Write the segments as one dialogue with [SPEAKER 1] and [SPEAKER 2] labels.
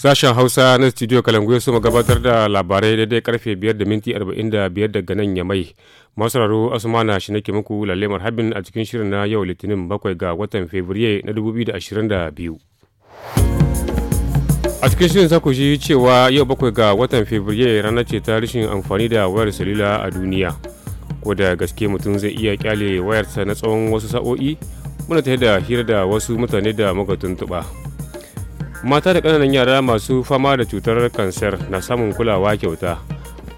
[SPEAKER 1] Sashen Hausa na Studio kalangu su gabatar da labarai daidai karfe 5 da minti 45 daga nan ya mai. Masararo Asumana shi nake muku lalemar habin a cikin shirin na yau Litinin 7 ga watan Fabriye na 2022. A cikin shirin za ku ji cewa yau bakwai ga watan Fabriye rana ce ta rashin amfani da wayar salula a duniya. Ko da gaske mutum zai iya kyale wayarsa na tsawon wasu sa'o'i muna ta da hira da wasu mutane da muka mata da ƙananan yara masu fama da cutar kansar na samun kulawa kyauta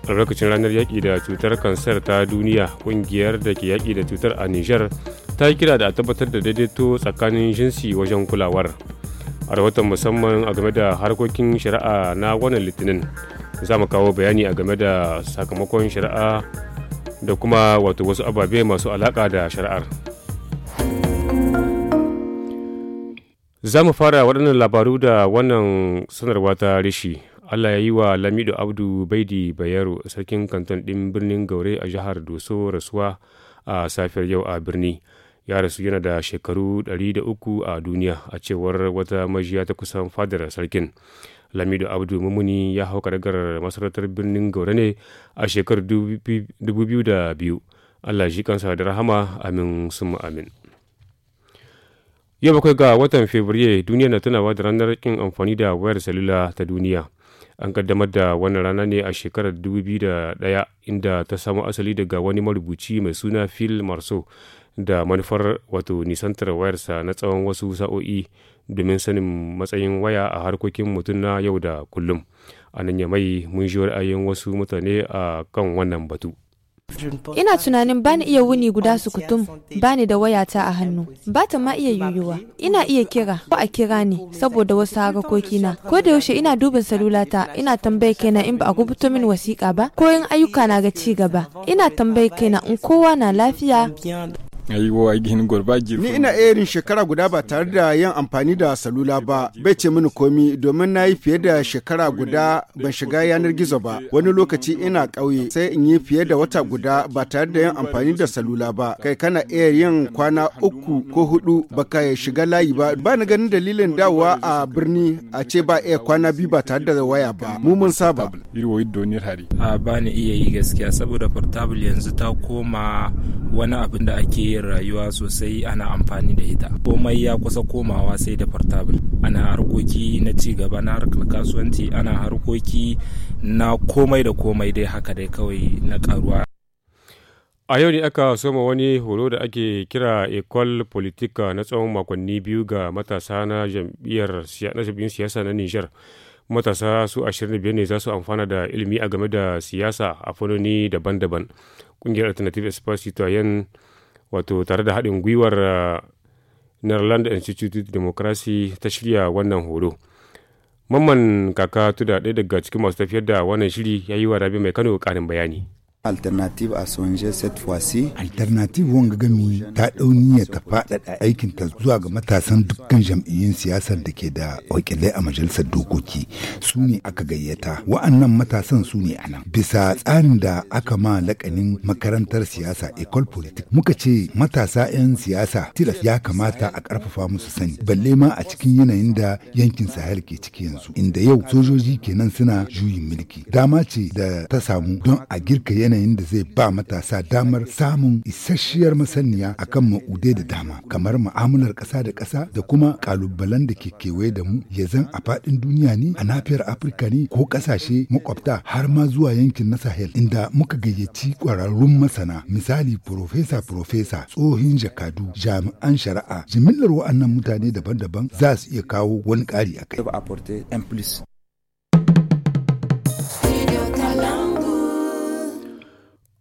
[SPEAKER 1] albarkacin ranar yaƙi da cutar kansar ta duniya ƙungiyar da ke yaƙi da cutar a nijar ta yi kira da a tabbatar da daidaito tsakanin jinsi wajen kulawar a rahoton musamman a game da harkokin shari'a na wannan litinin za mu kawo bayani a game da sakamakon shari'a da kuma wato wasu ababe masu alaƙa da shari'ar. Za mu fara waɗannan labaru da wannan sanarwa ta rishi. Allah ya yi wa Lamido Abdu Baidi Bayero sarkin kanton ɗin birnin Gaure a jihar Doso rasuwa a safiyar yau a birni. Ya rasu yana da shekaru 300 a duniya a cewar wata majiya ta kusan fadar sarkin. Lamido Abdu Mumuni ya hau karagar masarautar birnin Gaure ne a shekarar 2002. Allah shi kansa da rahama amin suma amin. Yau bakwai ga watan Fabrairu duniya na tunawa da ranar kin amfani da wayar salula ta duniya. An kaddamar da wannan rana ne a shekarar 2001 inda ta samo asali daga wani marubuci mai suna Phil Marceau da manufar wato nisantar wayarsa na tsawon wasu sa'o'i domin sanin matsayin waya a harkokin mutum na yau da kullum. A nan ya mai mun ji ra'ayin wasu mutane a kan wannan batu. Ina
[SPEAKER 2] tunanin ba ni iya wuni guda su kutum ba ni da wayata a hannu. Ba ta ma iya yuyuwa. Ina iya kira ko a kira ni saboda wasu harakoki na. Ko da yaushe ina dubin salulata ina tambayi kaina in ba a rubuto min wasiƙa ba ko in ayyuka na ga ci gaba. Ina tambayi kaina in kowa na lafiya.
[SPEAKER 3] ni ina erin shekara guda ba tare da yin amfani da salula ba bai ce mini komi domin na yi fiye da shekara guda ban shiga yanar gizo ba wani lokaci ina ƙauye sai in yi fiye da wata guda ba tare da yin amfani da salula ba kai kana iya yin kwana uku ko hudu baka shiga layi ba ba ni ganin dalilin dawowa a birni a ce ba iya kwana biyu ba tare da waya ba mu mun saba
[SPEAKER 1] a ba ni iya yi gaskiya saboda portable yanzu ta koma wani abin da ake yin rayuwa sosai ana amfani da ita komai ya kusa komawa sai da portable ana harkoki na ci gaba na harkar kasuwanci ana harkoki na komai da komai dai haka dai kawai na karuwa a yau ne aka soma wani horo da ake kira ecole politika na tsawon makonni biyu ga matasa na jam'iyyar siyasa na niger matasa su 25 ne za su amfana da ilimi a game da siyasa a fannoni daban-daban ƙungiyar alternative espace yan wato tare da haɗin gwiwar uh, Netherlands Institute of Democracy ta shirya wannan horo. Mamman kaka tuda ɗaya daga cikin masu tafiyar da wannan shiri ya yi wa Rabi mai Kano ƙarin bayani.
[SPEAKER 4] Alternative a Sonje cette fois-ci. Alternative wanga gami ta ya ta faɗaɗa aikinta zuwa ga matasan dukkan jam'iyyun siyasar da ke da wakilai a majalisar dokoki su ne aka gayyata. Wa'annan matasan su ne anan. Bisa tsarin da aka ma lakanin makarantar siyasa Ecole Politique muka ce matasa 'yan siyasa tilas ya kamata a ƙarfafa musu sani balle ma a cikin yanayin da yankin Sahel ke ciki yanzu inda yau sojoji kenan suna juyin mulki dama ce da ta samu don a girka yanayin yanayin da zai ba matasa damar samun isasshiyar masaniya akan ma'udai da dama kamar ma'amular ƙasa da ƙasa da kuma ƙalubalen da ke kewaye da mu ya zan a faɗin duniya ne a nafiyar afirka ne ko ƙasashe makwabta har ma zuwa yankin na sahel inda muka gayyaci ƙwararrun masana misali profesa profesa tsohin jakadu jami'an shari'a jimillar wa'annan mutane daban-daban za su iya kawo wani ƙari a kai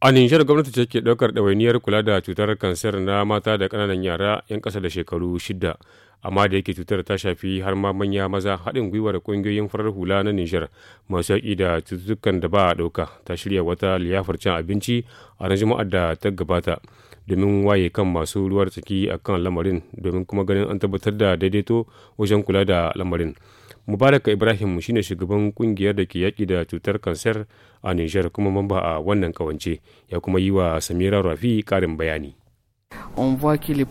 [SPEAKER 1] A Nijar gwamnati ce ke ɗaukar ɗawainiyar kula da cutar kansar na mata da ƙananan yara 'yan ƙasa da shekaru shida, amma da yake cutar ta shafi har ma manya maza haɗin gwiwar ƙungiyoyin farar hula na Nijar masu yaƙi da cututtukan da ba a ɗauka ta shirya wata liyafar cin abinci a ran juma'ar da ta gabata domin waye kan masu ruwar tsaki a kan lamarin domin kuma ganin an tabbatar da daidaito wajen kula da lamarin. mubaraka ibrahim shine shugaban kungiyar da ke yaƙi da cutar kansar a niger kuma mamba a wannan kawance ya kuma yi wa samira rafi ƙarin bayani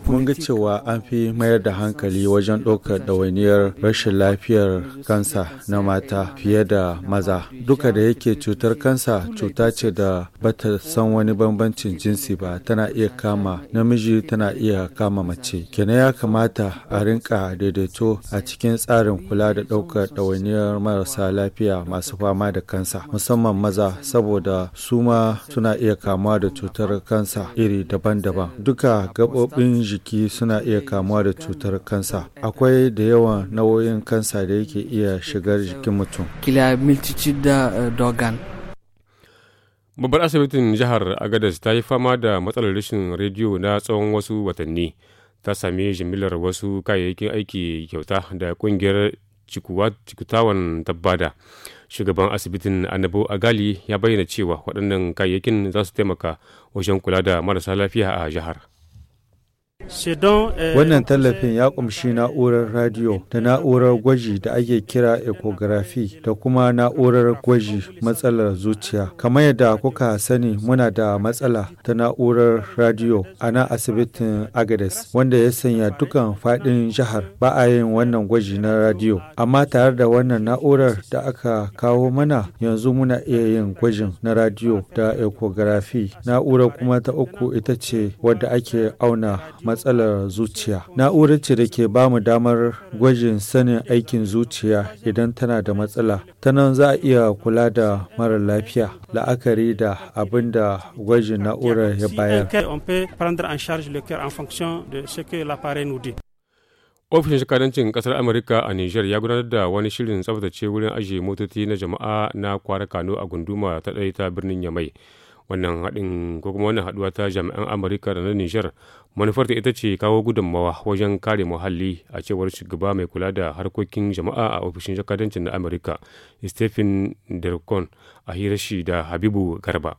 [SPEAKER 2] Mun ga cewa an fi mayar da hankali wajen ɗaukar ɗawainiyar rashin lafiyar kansa na mata fiye da maza. Duka da yake cutar kansa cuta ce da bata san wani bambancin jinsi ba tana iya kama namiji tana iya kama mace. Kenan ya kamata a rinka daidaito a cikin tsarin kula da ɗaukar ɗawainiyar marasa lafiya masu fama da kansa musamman maza saboda su ma suna iya kamuwa da cutar kansa iri daban-daban. Duka sa gaɓoɓin jiki suna iya kamuwa da cutar kansa. Akwai da yawan nau'yin kansa da yake iya shigar jikin mutum. Eh,
[SPEAKER 1] Babbar asibitin jihar Agadez ta yi fama da matsalar rashin rediyo na tsawon wasu watanni. Ta sami jimillar wasu kayayyakin aiki kyauta da kungiyar cikutawan tabbada. Shugaban asibitin Anabo Agali ya bayyana cewa waɗannan kayayyakin za su taimaka wajen kula da marasa lafiya a jihar. Eh, wannan tallafin
[SPEAKER 2] ya kumshi na'urar radiyo da na'urar gwaji da ake kira ekografi da kuma na'urar gwaji matsalar zuciya. Kamar yadda kuka sani muna da matsala ta na'urar radiyo a nan asibitin Agades wanda ya sanya dukan faɗin jihar ba a yin wannan gwaji na radiyo. Amma tare da wannan na'urar da aka kawo mana yanzu muna iya yin gwajin na radiyo da ekografi Na'urar kuma ta uku ita ce wadda ake auna matsalar zuciya. Na'urar ce da ke ba mu damar gwajin sanin aikin zuciya idan tana da matsala. Ta nan za a iya kula da mara lafiya la'akari da abin da gwajin na'urar ya bayar.
[SPEAKER 1] ofishin shakadancin kasar amurka a nijar ya gudanar da wani shirin tsaftace wurin ajiye motoci na jama'a na kwara kano a gunduma ta ɗaya ta birnin yamai wannan haɗin ko kuma wannan haɗuwa ta jami'an amurka da na nijar manufarta ita ce kawo gudunmawa wajen kare muhalli a cewar shugaba mai kula da harkokin jama'a a ofishin jakadancin na amurka stephen dercon a hirashi da habibu garba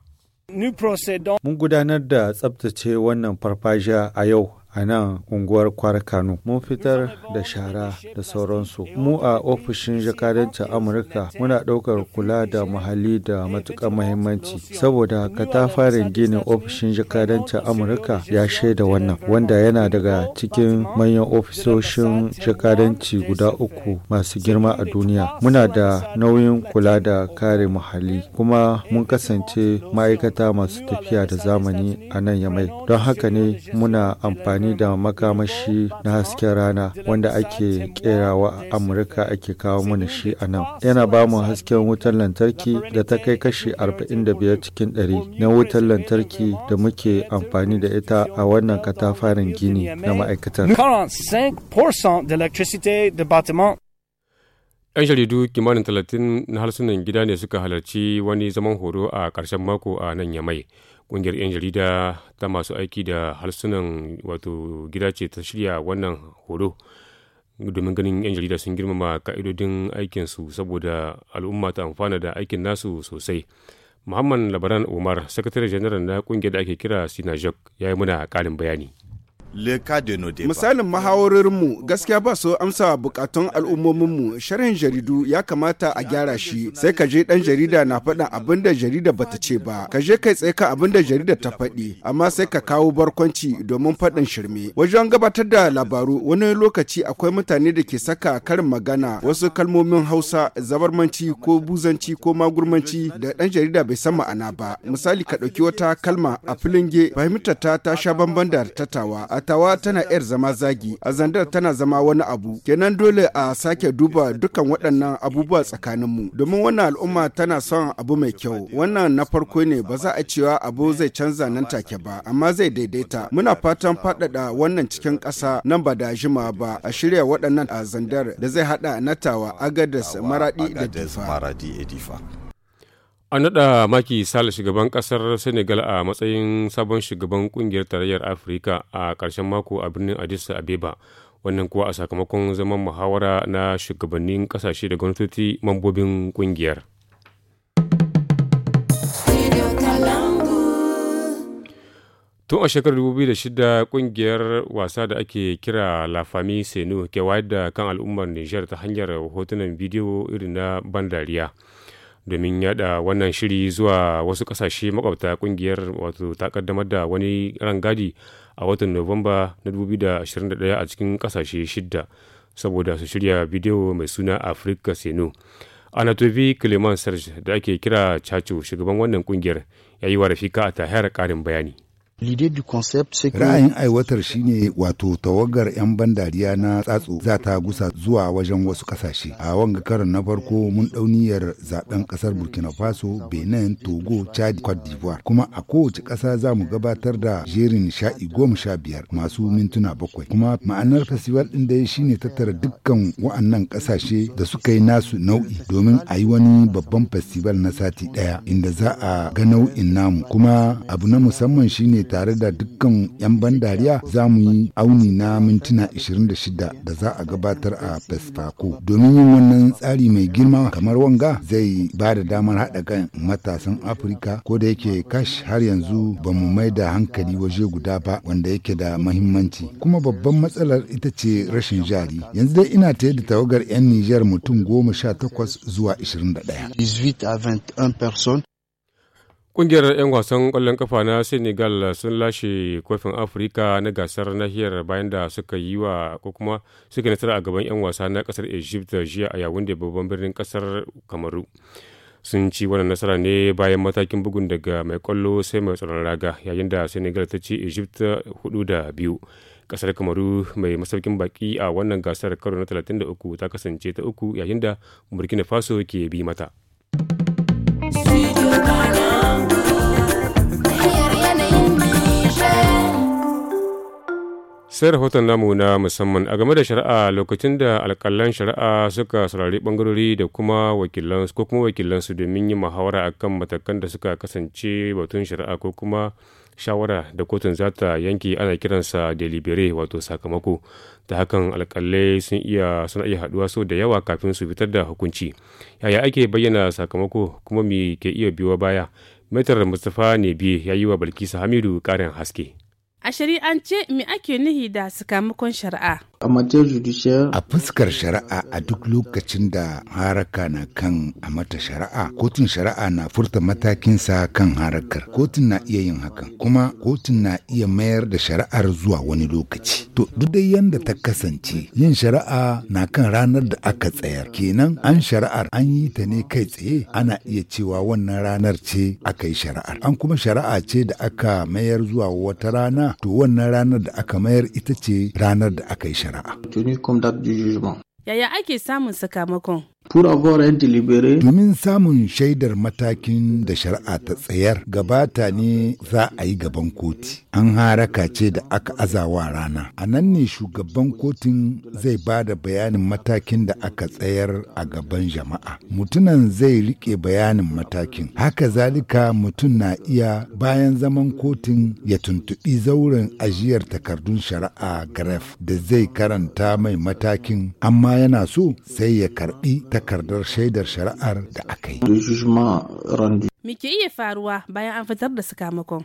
[SPEAKER 2] Mun gudanar da tsabtace wannan farfajiya a yau a nan unguwar kwara kano mun fitar da shara da sauransu mu a ofishin jakadancin amurka muna ɗaukar kula da muhalli da matuƙar mahimmanci saboda katafaren ginin ofishin jakadancin amurka ya shaida wannan wanda yana daga cikin manyan ofisoshin jakadanci guda uku masu girma a duniya muna da nauyin kula da kare muhalli kuma mun kasance ma'aikata masu tafiya da zamani a nan yamai don haka ne muna amfani amfani da makamashi na hasken rana wanda ake kerawa a Amurka ake kawo mana shi a nan. Yana ba mu hasken wutar lantarki da ta kai kashi 45 cikin 100 na wutar lantarki da muke amfani da ita a wannan katafaren gini na ma'aikatar.
[SPEAKER 1] 'Yan jaridu kimanin talatin na harsunan gida ne suka halarci wani zaman horo a ƙarshen mako a nan Yamai. Ƙungiyar 'yan jarida ta masu aiki da harsunan wato gida ce ta shirya wannan horo domin ganin 'yan jarida sun girmama ka'idodin aikinsu saboda al'umma ta amfana da aikin nasu sosai. Muhammad Labaran Umar, sakatare janar na ƙungiyar da ake kira Sinajok, ya yi muna ƙarin bayani. Misalin
[SPEAKER 3] mahawarorinmu gaskiya ba su amsa bukatun al'ummominmu sharhin jaridu ya kamata a gyara shi sai ka je dan jarida na faɗin abin da jarida bata ce ba ka je kai tsaye ka abin da jarida ta faɗi amma sai ka kawo barkwanci domin faɗin shirme wajen gabatar da labaru wani lokaci akwai mutane da ke saka karin magana wasu kalmomin hausa zabarmanci ko buzanci ko magurmanci da dan jarida bai san ma'ana ba misali ka ɗauki wata kalma a filinge fahimtar ta ta sha bamban da tattawa tawa tana yar zama zagi a zandar tana zama wani abu kenan dole a sake duba dukkan waɗannan abubuwa tsakaninmu domin wannan al'umma tana son abu mai kyau wannan na farko ne ba za a cewa abu zai canza nan take ba amma zai daidaita muna fatan faɗaɗa wannan cikin ƙasa nan ba da jima ba a shirya waɗannan a zandar da zai haɗa natawa agadas maradi da difa
[SPEAKER 1] An naɗa Maki sale shugaban ƙasar Senegal a matsayin sabon shugaban ƙungiyar tarayyar Afirka a ƙarshen mako a birnin Addis Abeba. Wannan kuwa a sakamakon zaman muhawara na shugabannin ƙasashe da gwamnatoci mambobin ƙungiyar. Tun a shekarar shida kungiyar wasa da ake kira lafami Famille Senu ke wayar da kan al'ummar Nijar ta hanyar hotunan bidiyo irin na ban dariya. domin yada wannan shiri zuwa wasu kasashe makwabta kungiyar wato ta kaddamar da wani rangadi a watan nuwamba na 2021 a cikin kasashe shidda saboda su shirya bidiyo mai suna afirka seno anatovi clement serge da ake kira chacho shugaban wannan kungiyar ya yi wa rafika a tahayar karin bayani
[SPEAKER 4] Ra'ayin aiwatar shine wato tawagar 'yan bandariya na tsatso za ta gusa zuwa wajen wasu kasashe. A wanga karon na farko mun dauniyar zaben kasar Burkina Faso, Benin, Togo, Chad, Cote d'Ivoire. Kuma a kowace ƙasa za mu gabatar da jerin sha'i goma sha biyar masu mintuna bakwai. Kuma ma'anar festival ɗin dai shine tattara dukkan wa'annan ƙasashe da suka yi nasu nau'i domin a yi wani babban festival na sati ɗaya inda za a ga nau'in namu. Kuma abu na musamman shine tare da dukkan 'yan ban dariya za mu yi auni na mintuna 26 da za a gabatar a fesfako domin yin wannan tsari mai girma kamar wanga zai ba da damar haɗa kan matasan afirka ko da yake kash har yanzu ba mu mai da hankali waje guda ba wanda yake da mahimmanci kuma babban matsalar ita ce rashin jari yanzu dai ina ta da tawagar 'yan nijar mutum goma sha takwas zuwa 21
[SPEAKER 1] Ƙungiyar 'yan wasan kwallon kafa na Senegal sun lashe kofin Afirka na gasar nahiyar bayan da suka yi wa ko kuma suka nasara a gaban 'yan wasa na ƙasar Egypt jiya a yawun da babban birnin ƙasar Kamaru. Sun ci wannan nasara ne bayan matakin bugun daga mai kwallo sai mai tsaron raga yayin da Senegal ta ci Egypt hudu da biyu. kasar Kamaru mai masaukin baki a wannan gasar karo na 33 ta kasance ta uku yayin da Burkina Faso ke bi mata. sai rahoton namu na musamman a game da shari'a lokacin da alkalan shari'a suka saurari bangarori da kuma wakilansu ko kuma wakilansu domin yin muhawara akan matakan da suka kasance batun shari'a ko kuma shawara da kotun za ta yanke ana kiransa delibere wato sakamako ta hakan alkalai sun iya suna iya haduwa so da yawa kafin su fitar da hukunci yaya ake bayyana sakamako kuma me ke iya biyo baya metar mustapha ne biye ya yi wa balkisa hamidu karin haske
[SPEAKER 3] A shari'ance me ake nihi da sakamakon shari'a?
[SPEAKER 1] A fuskar shari'a a duk lokacin da
[SPEAKER 4] haraka na kan a mata shari'a, kotun shari'a na furta matakin sa kan harakar. Kotun na iya yin hakan, kuma kotun na iya mayar da shari'ar zuwa wani lokaci. To, duk dai yanda ta kasance, yin shari'a na kan ranar da aka tsayar. Kenan an shari'ar an yi ta ne kai tsaye, ana iya cewa wannan ranar ce aka yi shari'ar. An kuma shari'a ce da aka mayar zuwa wata rana, to wannan ranar da aka mayar ita ce ranar da aka yi shari'ar. shari'a.
[SPEAKER 3] Yaya ake samun sakamakon?
[SPEAKER 4] Domin samun shaidar matakin da shari'a ta tsayar gabata ne za a yi gaban koti. An haraka ce da aka azawa rana. A nan ne shugaban kotun zai ba da bayanin matakin da aka tsayar a gaban jama'a. Mutunan zai rike bayanin matakin. Haka zalika mutum na iya bayan zaman kotun ya tuntuɓi zauren ajiyar takardun shari'a garef da zai karanta mai matakin amma yana so sai ya karɓi takardar shaidar shari'ar da aka yi.
[SPEAKER 3] Me ke iya faruwa bayan an fitar da sakamakon?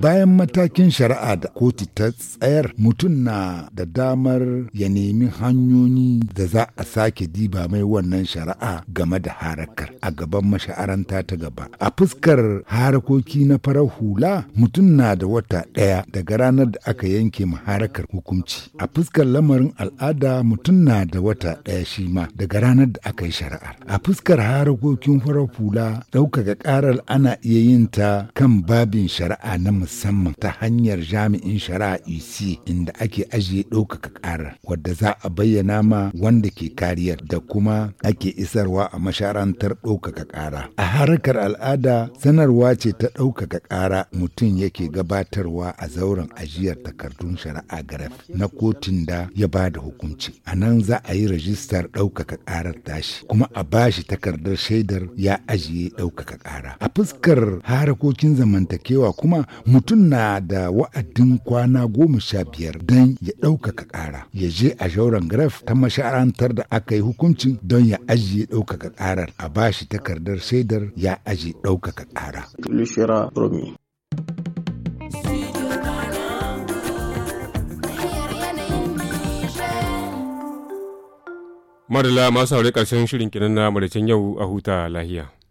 [SPEAKER 4] Bayan matakin shari'a da kotu ta tsayar mutum na da damar ya nemi hanyoyi da za a sake diba mai wannan shari'a game da harakar a gaban mashaaranta ta gaba. A fuskar harakoki na farar hula mutum na da wata ɗaya daga ranar da aka yanke ma harakar hukunci. A fuskar lamarin al'ada mutum na da wata ɗaya shi ma daga ranar da aka yi shari'ar. A fuskar harakokin farar hula ɗaukaka ƙarar ana iya yin ta kan babin shari'a na musamman ta hanyar jami'in shari'a EC inda ake ajiye ɗaukaka ƙara, wadda za a bayyana ma wanda ke kariyar da kuma ake isarwa a masharantar ɗaukaka ƙara. A harkar al'ada sanarwa ce ta ɗaukaka ƙara mutum yake gabatarwa a zauren ajiyar takardun shari'a garaf na kotun da ya ba da hukunci. A nan za a yi rajistar ɗaukaka ƙarar tashi kuma a bashi takardar shaidar ya ajiye ɗaukaka ƙara. A fuskar harakokin zama zamantakewa kuma mutum na da wa'adin kwana goma sha biyar don ya ɗaukaka ƙara ya je a shauran graf ta masharantar da aka yi hukuncin don ya ajiye ɗaukaka ƙarar a bashi takardar shaidar ya ajiye ɗaukaka ƙara.
[SPEAKER 1] Madala masu haure ƙarshen shirin kinan na madacin yau a huta lahiya.